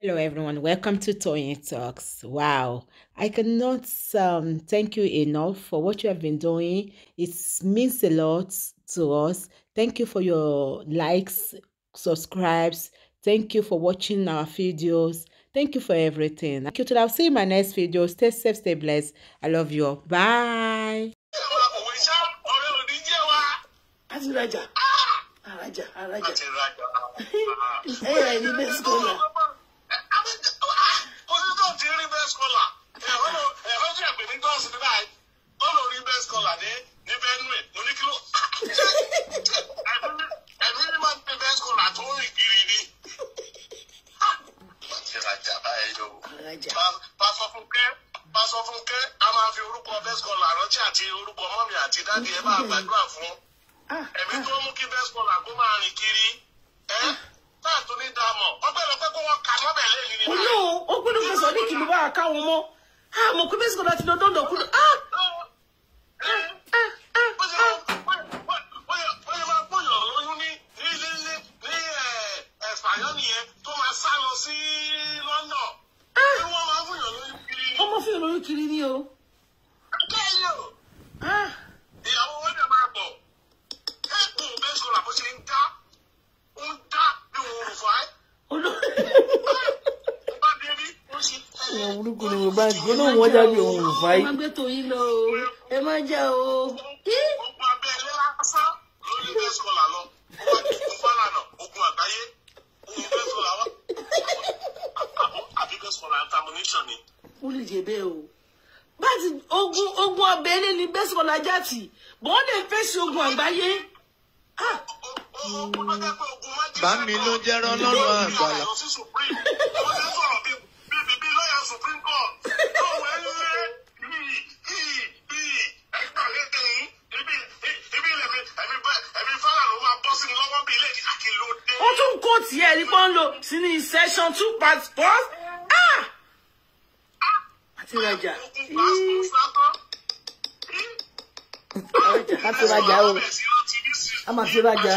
Hello, everyone. Welcome to Toyeen Talks. Wow, I cannot um, thank you enough for what you have been doing. It means a lot to us. Thank you for your likes, subscribes. Thank you for watching our videos. Thank you for everything. Thank you. Till I'll see you in my next video. Stay safe, stay blessed. I love you. All. Bye. conference call àdé ní benue mo ní kí ló ẹ̀mí ní máa ń pe bẹ́ẹ̀ sọ̀rọ̀ àtúnrìn kiri ni. Bàtìrajà báyìí o. Pásọ Fúnkẹ́ Pásọ Fúnkẹ́ a máa fi orúkọ bẹ́ẹ̀ sọ̀rọ̀ àrántí àti orúkọ mọ́mì àti dáàdi ẹ máa gbàdúrà fún bá gbólóhùn wọn jábí òun ò fáyé. ẹ má gbé tòyí lọ o ẹ má jà o. ó lè jẹ bẹ́ẹ̀ o bá ti ogun ogun ọbẹ̀ ilé ni bẹ́sọ̀lá jàtì bọ́ọ̀ lè fèsì ogun àgbáyé. bá mi ló jẹ́rọ lọ́rùn àgbàlá. ẹni pọ́n ń lo sí ní section two passport ah àti rajà ọjà hmm. àti rajà o a máa ti rajà.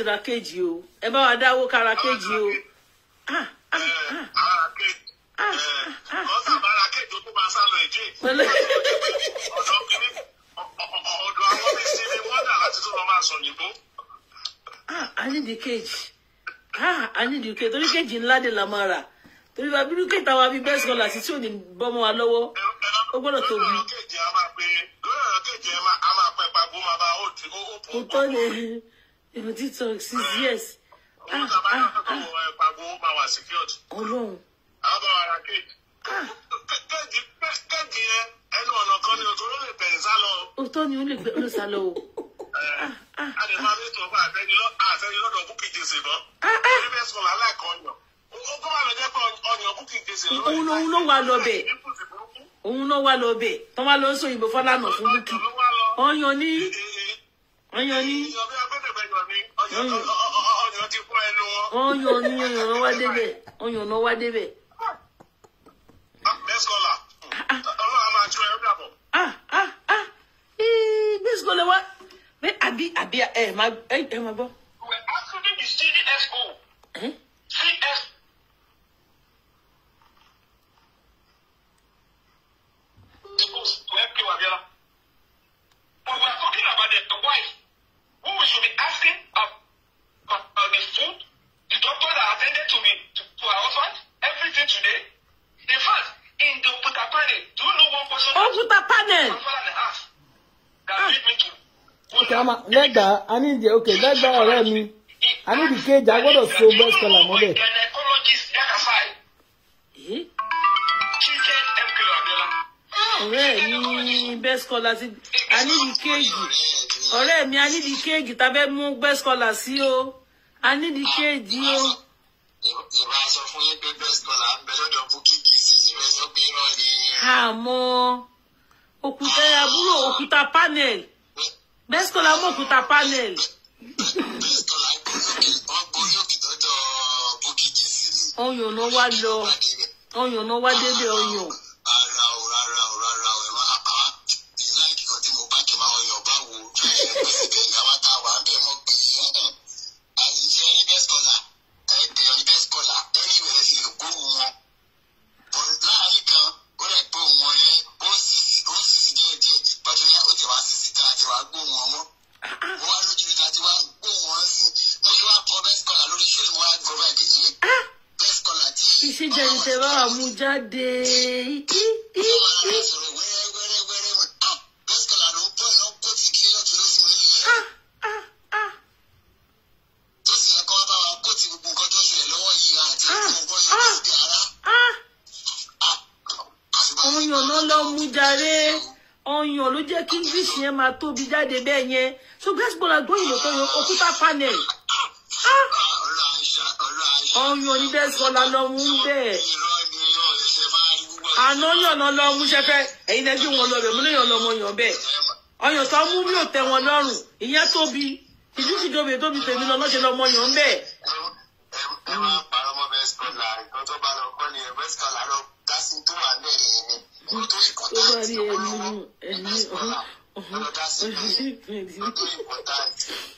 láti ra kéèjì o ẹ bá wa dáwó ká ra kéèjì o. ọ̀sán bára kéèjì ó tó máa sá lọ èjì ọ̀dọ́ kiri ọ̀dọ̀ àwọn bíi sí ni wọ́n dà láti tó lọ máa sọ òyìnbó. Ah, a ní di kéèjì ah, a ní di kéèjì torí kéèjì ńlá de la máa rà torí bá bínú kéèta wa bíi bẹ́ẹ̀ sọ́la sí tí ò ní bọ́mọ wa lọ́wọ́ ó gbọ́dọ̀ tóbi. lórí ọ̀rọ̀ kéèjì a máa pẹ́ pàgó máa bá ó tó lè ìmọ̀ tiktok six years. ọmọ bàbá yẹn kò pàgọ́ ó máa wà secured. ọlọ́run. àwọn bàbá ara kéèkì. kéèkì kéèkì yẹn ẹnu ọ̀nà kan ni òtún ló lè bẹ̀rẹ̀ sálọ. òtọ́ ni ó lè bẹ̀rẹ̀ sálọ o. a lè máa mẹ́tọ̀ fún àtẹ́yìn lọ́dọ̀ búkì jèsè mọ́. orí bẹ́ẹ̀ sọ̀rọ̀ aláìkọ́yọ̀. ó kọ́ máa lọ jẹ́ pé ọyàn búkì jèsè lọ́wọ́ ìgbà yẹn. òun ló wà lọ bẹ̀ òun náà wà lọ bẹ̀ tán wá lọ sóyìnbó fọlànà fún búkì ọyàn ní ọyàn ní. ìyọ̀bí abẹ́ ọyàn ti kún ẹnu wọn. ọyàn ni ọyàn wá débẹ̀ ọyàn náà wá débẹ̀. best caller ọlọ́run a máa tún ẹrú dàbọ̀. best caller wa àbí àbí ẹ máa gbọ́. we are asking the cdsco. grandma lẹ́gbà a ní ìdí ok lẹ́gbà ọ̀rẹ́ mi a ní ìdí kéèjì a gbọ́dọ̀ so breast collar mọ́bẹ̀. ọ̀rẹ́ mi best collar ti a ní ìdí kéèjì ọ̀rẹ́ mi a ní ìdí kéèjì tá a fẹ́ mú breast o I need the cage. o. ìbá sọ fún yín pé breast collar ń àmọ́ òkúta àbúrò òkúta panel. Best mọ̀kúta panel. bẹ́sítọ́lá wọ́n gorí òkè lọ́dọ̀ bókì jèsì. oyún ló wá lọ oyún ló wá délé oyún. ṣé jẹ̀yìn tẹ bá wà mú jáde. ọyàn náà lọ mú jàre ọyàn ló jẹ́ kí english yẹn máa tóbi jáde bẹ́ẹ̀ yẹn so gbẹ́sìgbọ́n la gbóyìn lọ́tọ́ òkúta panel ọyún onídẹ́sọ́lá lọ́wọ́ ń bẹ̀. àná yànnà lọ́wọ́ ṣẹfẹ́ ẹ̀yin náà bí wọn lọ bẹ̀ múlẹ̀ yàn lọ́mọ yàn bẹ́ẹ̀. ọyàn tó mú mi ò tẹ wọn lọ́rùn ìyẹn tóbi ìdí sì tóbi tóbi tèmi lọ lọ́sẹ̀ lọ́mọ yàn bẹ́ẹ̀. ẹ máa parọ́ mọ́ bẹ́ẹ̀ sọ́la ìkan tó bá lọ kọ́ ni ẹ̀ bẹ́ẹ̀ sọ́la lọ dá sí tó wà bẹ́ẹ̀ yẹn ni tó sì kọ́ dá sí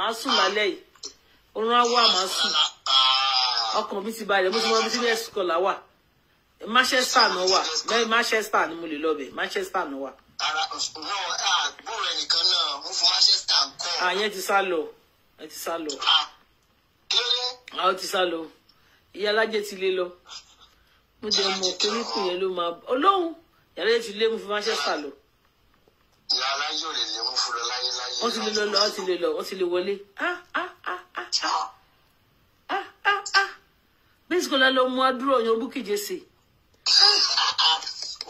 màá sùn lálẹ́ yìí oorun á wà màá sùn ọkàn mi ti balẹ̀ mo ti wọ́n mi ti ní ẹ̀sùkọ̀là wà Manchester náà wà Manchester ni mo lè lọ bẹ̀ Manchester náà wà. àyẹn ti sá lọ ẹ ti sá lọ. àwọn ti sá lọ ìyá alájẹ ti lé lọ mo jẹ mọ pé nípò yẹn ló máa Ọlọ́run ìyá alájẹ ti lé mo fún Manchester lọ. ìyá alájẹ ò lè lé mo wọ́n ti lè lọ wọ́n ti lè lọ wọ́n ti lè wọlé. bẹ́ẹ̀ ah, ah, ah, sọ́kọ́lá lọ mú adúrò yan búkìjì sí.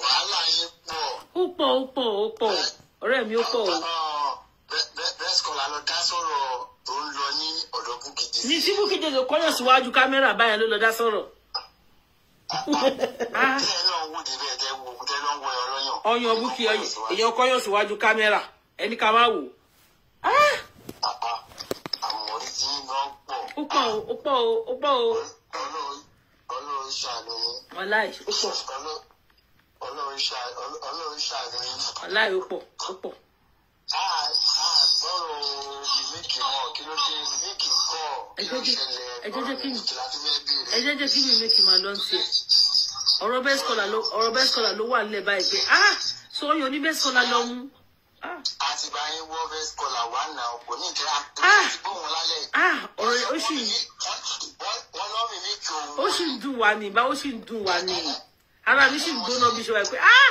wàhálà yín pọ̀. ó pọ̀ ó pọ̀ ó pọ̀ ọ̀rẹ́ mi ó pọ̀ o. bẹ́ẹ̀ sọ́kọ́lá lọ dá sọ̀rọ̀ tó ń lọ ní ọ̀dọ̀ búkìjì. ní sí búkìjì lè kọ́yọ̀ síwájú kámẹ́rà báyẹn ló lọ dá sọ̀rọ̀. ọyàn búkì ọyàn èèyàn kọ́yọ̀ síwájú kámẹ́rà ẹni ká má wò. o ó pọ̀ o ó pọ̀ o. ọlọ́run ṣàánú yín. ọláì ó pọ̀. ọlọ́run ṣàánú yín. ọláì ó pọ̀ ó pọ̀. àgbọ̀rọ̀ mímíkì mọ́ kí ló dé mímíkì kọ́ kí ló ṣẹlẹ̀ ọ̀rọ̀ mímíkì láti fẹ́ bèèrè. ẹ jẹ́ jẹ́ kí mímíkì máa lọ sí ẹ̀ ọ̀rọ̀ bẹ́ẹ̀ sọ́là ló wà nílẹ̀ báyìí pé ah sọ yóò ní bẹ́ẹ̀ sọ́là lọ́mú. Ah. àti bá yín wọ first caller wà náà kò ní ìdíra àti ah. bóun lálẹ́. Ah, ọ̀rẹ́ ó sì wọ́n lọ́ mi ní kí òun. ó sì ń dùn wá ní ìbá ó sì ń dùn wá ní ara mi sì ń gbóná bí ṣe wáyé pé ah.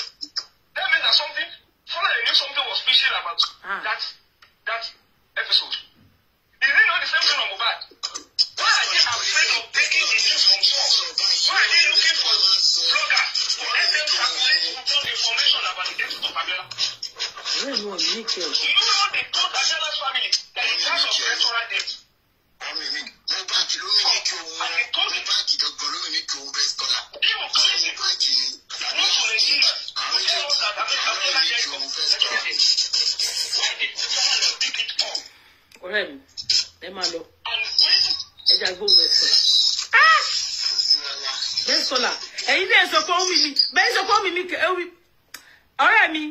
No, no, me You know they told Adela's family that in terms of restaurant debt. Ọmọ mi, ẹ máa lọ. Ẹ jà gbóhùn bẹ́ẹ̀ sọ́là. Bẹ́ẹ̀ sọ́là, ẹ̀yin náà sọ pé ó mi, bẹ́ẹ̀ sọ pé ó mi, ọ̀rẹ́ mi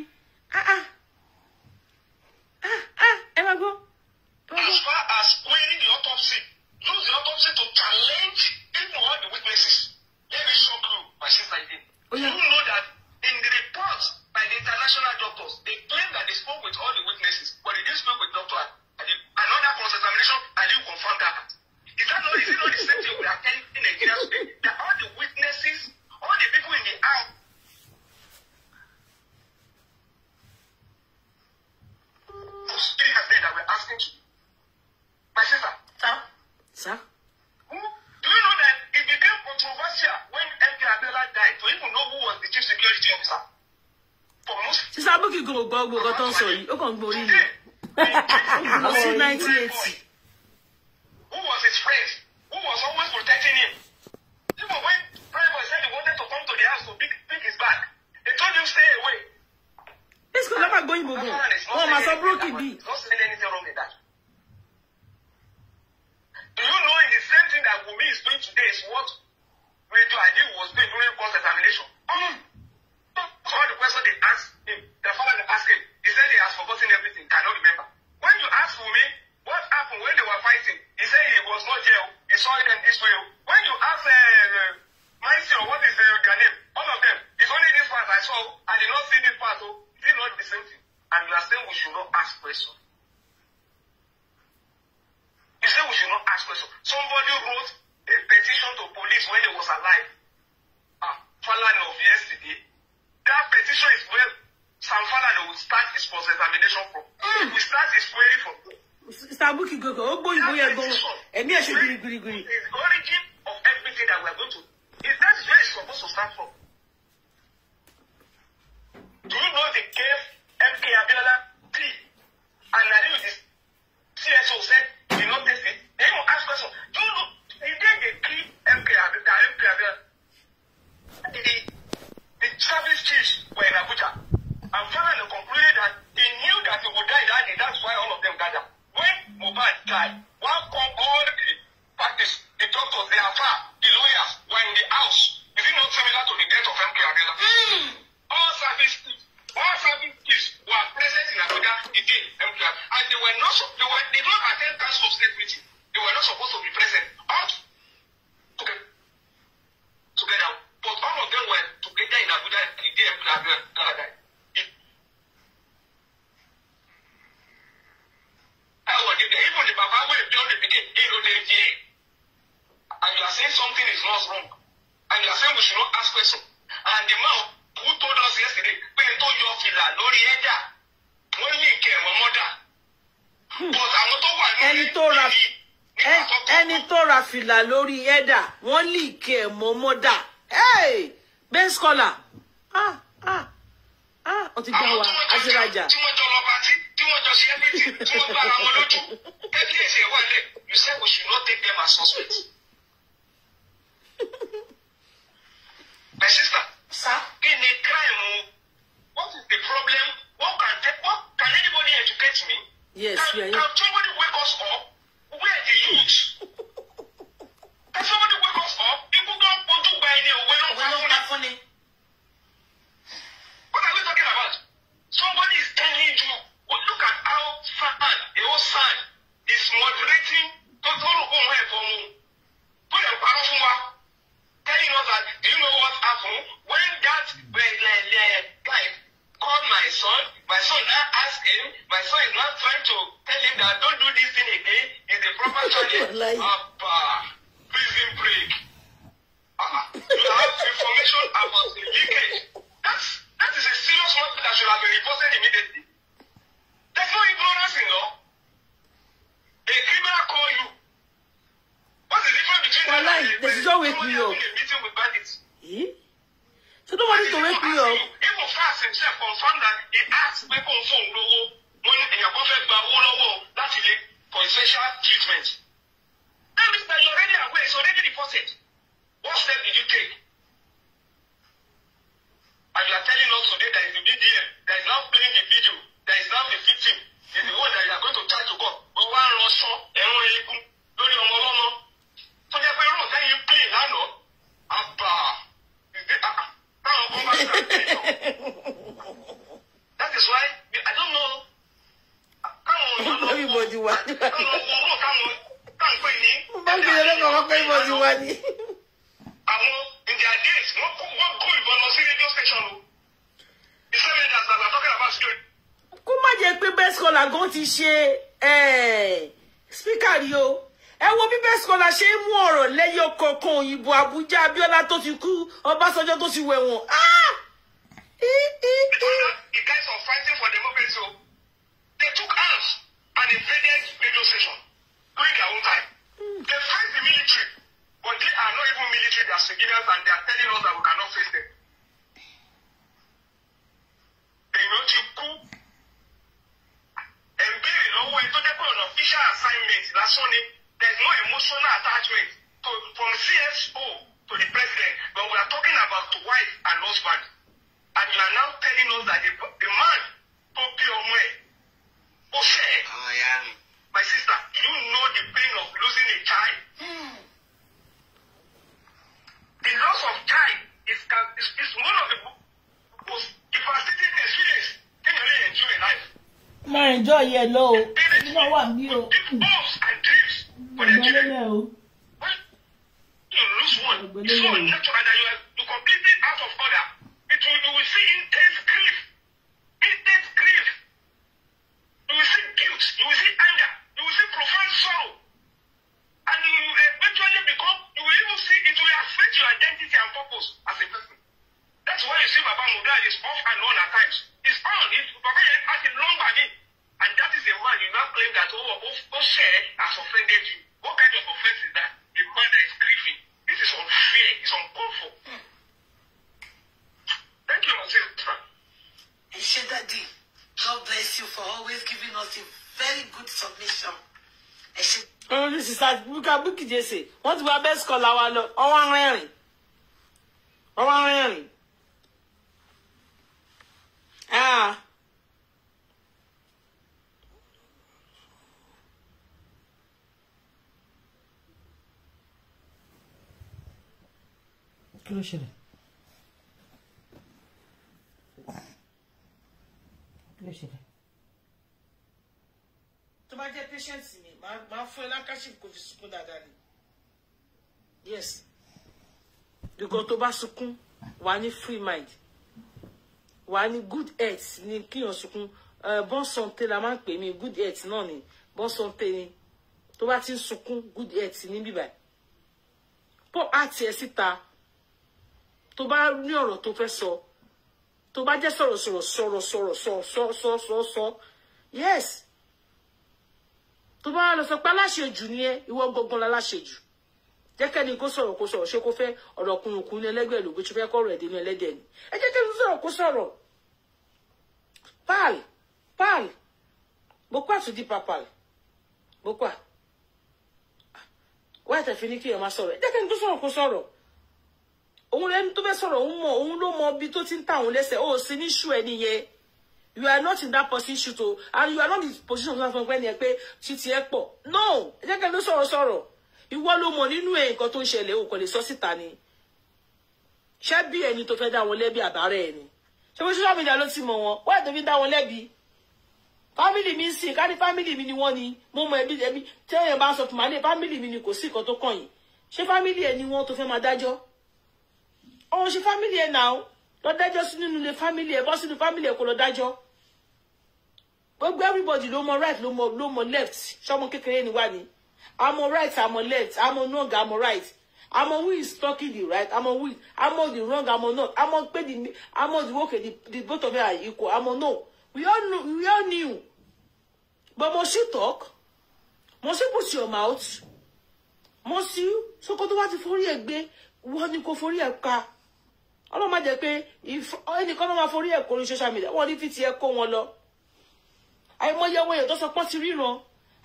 ah ah ah ah ẹ máa gbọ́. as far as winning the autopsy use the autopsy to challenge even all the witnesses. ń borí mi lọ nineteen Who was his friend? Who was always protecting him? Even when Prime Boy said he wanted to come to the house to pick, pick his back, they told him stay away. This could never go in Bobo. Oh, my son broke it. Not saying anything wrong with that. Do you know in the same thing that Wumi is doing today is what Redo Adi was doing during cross examination? Mm. So all the questions they asked him, the father asked him. He said he has forgotten everything, cannot remember. When you ask for me, what happened when they were fighting, he said he was not jail. He saw them this way. When you ask uh, uh, Maisio, what is their uh, name? All of them. It's only this part I saw. I did not see this part. Oh. So it is not the same thing. And you are saying we should not ask questions. You say we should not ask questions. Somebody wrote a petition to police when he was alive. Ah, Falani of yesterday. That petition is well Sam Falana will start his cross-examination from. Mm. He will start his query from. Sabuki Gogo, Ogbo Igbo Ego, Emi Eshe Giri Giri Giri. Is the origin of everything that we are going to. Is that where it's supposed to start from? Do you know the gave MK Abiola P and I Aliyu this CSO said, did not take it? They even ask questions. Do you know, did the key MK Abiola? was wrong and you are saying we should not ask questions and the man who told us yesterday we told yọ fìlà lori eda, only yí nǹkan ẹ̀wọ̀n mọ́dà hmm. but àwọn tó wà lórí ìdí ẹni tó ra fìlà lórí ẹ̀dà wọ́n lì kí ẹ̀ mọ́ mọ́dà bẹ́ẹ̀ skọ́là ah, ah, ah. wọ́n ti gbá wa aṣírajà. tí wọ́n jọ lọ bá tí tí wọ́n jọ ṣe ẹ́ tí wọ́n gbára wọn lójú ẹ́ kí èsì ẹ̀ wà lẹ̀ you say we should not take them as suspects. My sister. Sir. Kí ni crime? What is the problem? What can, what, can anybody educate me? Yes, can, you are. here. That's my point. ti ṣe eh, spíkà rí o ẹ wo bí best scholar ṣe ń mú ọ̀rọ̀ lẹ́yọ kọ̀ọ̀kan òyìnbó Àbújá Abíọ́lá tó ti kú Ọbásanjọ́ tó ti wẹ̀wọ̀n. Ah! yìí ẹ lọ o nígbà wà mí o ọgbẹ́lẹ́lẹ̀ o ọgbẹ́lẹ́lẹ̀ o. claim that oh, oh, oh shared has offended you. What kind of offense is that? A man that is grieving. This is unfair. It's uncomfortable. Mm. Thank you, Mr. Ishe Daddy, God bless you for always giving us a very good submission. Ishe. Oh, this is that Buka Buki Jesse. Wọ́n ti wá bẹ́ẹ̀ sọ́kọ̀lá wa lọ, ọwọ́ rẹ́rìn. ọwọ́ rẹ́rìn. Ah. kí ló Tu kí ló ṣẹlẹ̀. tó bá jẹ́ patient mi máa fún ẹ lákàṣìp kò fi sunkún dáadáa yes because tó bá sunkún wà free mind Wani good health ní kíyàn sunkún eh, bon santé la man ń pè good health náà ni bon santé ni Tu bá ti ń good health ní bíbá pop art ẹ síta tó bá ní ọ̀rọ̀ tó fẹ́ sọ tó bá jẹ́ sọ̀rọ̀ sọ̀rọ̀ sọ̀rọ̀ sọ̀rọ̀ sọ̀rọ̀ sọ̀rọ̀ sọ̀rọ̀ sọ̀ yes tó bá lọ sọ pé aláṣejù ni ẹ ìwọ gangan la láṣejù jẹ́kẹ́ni kó sọ̀rọ̀ kó sọ̀rọ̀ ṣé kó fẹ́ ọ̀rọ̀ kunkun ní ẹlẹ́gbẹ̀ẹ́ lògbé tó fẹ́ kọ̀rọ̀ ẹ̀dínú ẹlẹ́dẹ̀ ni ẹ jẹ́ kẹ́ni sọ̀rọ̀ kó sọ̀rọ̀ pal pal boko àtúndì papal boko à wáyà tẹ̀fí ní kí ẹ máa sọ̀rọ̀ ẹ jẹ́kẹ́ni tó sọ̀rọ̀ kó sọ̀rọ̀ òun lẹni tó fẹ́ sọ̀rọ̀ òun mọ̀ òun ló mọ ibi tó ti ń ta òun lẹ́sẹ̀ ó sì ní ṣú ẹni yẹn you are not in that position to and you are not in the position to fún ẹni yẹn pé títí ẹ pọ̀ no ẹ jẹ́ kẹ́ni sọ̀rọ̀ sọ̀rọ̀ ìwọ ló mọ̀ nínú ẹ̀ nǹkan tó ń ṣẹlẹ̀ o kò lè sọ síta ni ṣé bí ẹni tó fẹ́ dá wọn lẹ́bi àbárẹ̀ ẹni ṣé bó social media ló ti mọ̀ wọn wọ́n ẹ̀ tó fi dá wọn lẹ́bi family mi ń sìn ká ní family mi ni wọ́n ni mo mọ ẹbí ẹbí tẹ́yẹ̀ bá sọ fún màálé family mi ni kò sí nǹkan tó kàn yín ṣé family ẹni wọn tó fẹ́ máa dájọ́ òun ṣe fámìlì ẹ̀ náà lọ dájọ́ sí nínú ilé fámìlì ẹ̀ bọ́ sínú fámìlì ẹ̀ kó lọ dájọ́ gbogbo everybody ló mọ right ló mọ ló mọ left ṣọmọ kékeré ni wá ni àmọ́ right àmọ́ left àmọ́ wrong àmọ́ right àmọ́ who is talking the right àmọ́ who àmọ́ the wrong àmọ́ no àmọ́ pé the àmọ́ the okay the the both of them are equal àmọ́ no we all know we all knew but must you talk must you put your mouth must you sọkọ tó bá ti forí ẹ̀ gbé wọ́n ní kò forí ẹ̀ ka ọlọ́run má jẹ́ pé ẹnìkan náà máa forí ẹ̀ kó ní social media wọ́n ní títí ẹ kó wọn lọ. àìmọye àwọn èèyàn tó sọ pọ́n ti ríran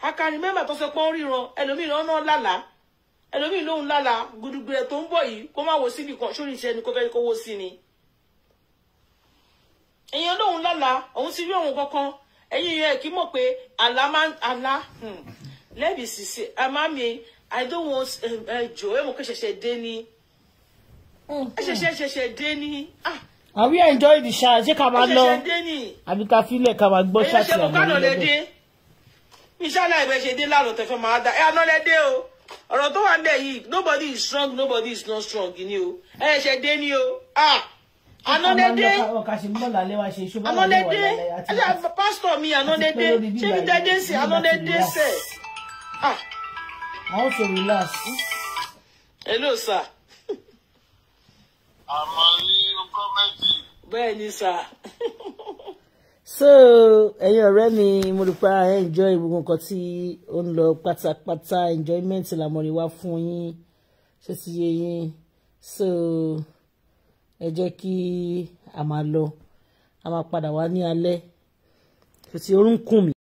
akari mẹ́mbà tó sọ pọ́n ríran ẹlòmíì lọ́nà lálà ẹlòmíì lóhùn lálà gudugbẹ̀rẹ̀ tó ń bọ̀ yìí kó má wo síbi kan sórí iṣẹ́ ni kó fẹ́ kó wo sí ni. èèyàn lóhùn lálà òun ti rí òun kankan ẹ̀yin yẹn kì í mọ̀ pé àlá máa ń àlá lẹ́bi sísè àmàmì àìdóhùn ẹ̀jọ̀ ẹ̀mọ̀kẹ́ ṣẹ̀ṣẹ̀ dé ni. Mm-hmm. ẹ ṣẹ̀ṣẹ̀ ṣẹ̀ṣẹ̀ dé ni. àbí ah. enjoy the ṣá ṣé ká máa lọ àbí ká filẹ̀ ká máa gbọ́ ṣáàtì àwọn ọmọ ẹlẹ́dẹ̀. mi ṣáàlà ìbẹ̀ ṣe dé láàrọ̀ tẹ̀fẹ́ máa dá ẹ àná lẹ́dẹ̀ o ọ̀rọ̀ tó wà ń bẹ̀ yìí nobody is strong nobody is not strong ni o ẹ ṣẹ̀ṣẹ̀ dé ni o anọ́dẹ́dẹ́ anọ́dẹ́dẹ́ ẹ̀ṣẹ̀ pásítọ̀ mi anọ́dẹ́dẹ́ ṣé mi dẹ́dẹ́ sẹ̀ anọ́dẹ́dẹ́ ah. sẹ̀. I want to relax. Hello, sir àmọ́ nínú kọ́mẹ́tì. bẹ́ẹ̀ ni sà. so ẹ̀yin ọ̀rẹ́ mi mo rò pé ẹ enjoy gbogbo nǹkan tí ó ń lọ pátápátá enjoyment làmọ̀rin wá fún yín ṣé ti yé yín so ẹ jẹ́ kí a máa lọ a máa padà wá ní alẹ́ kò sí orúnkún mi.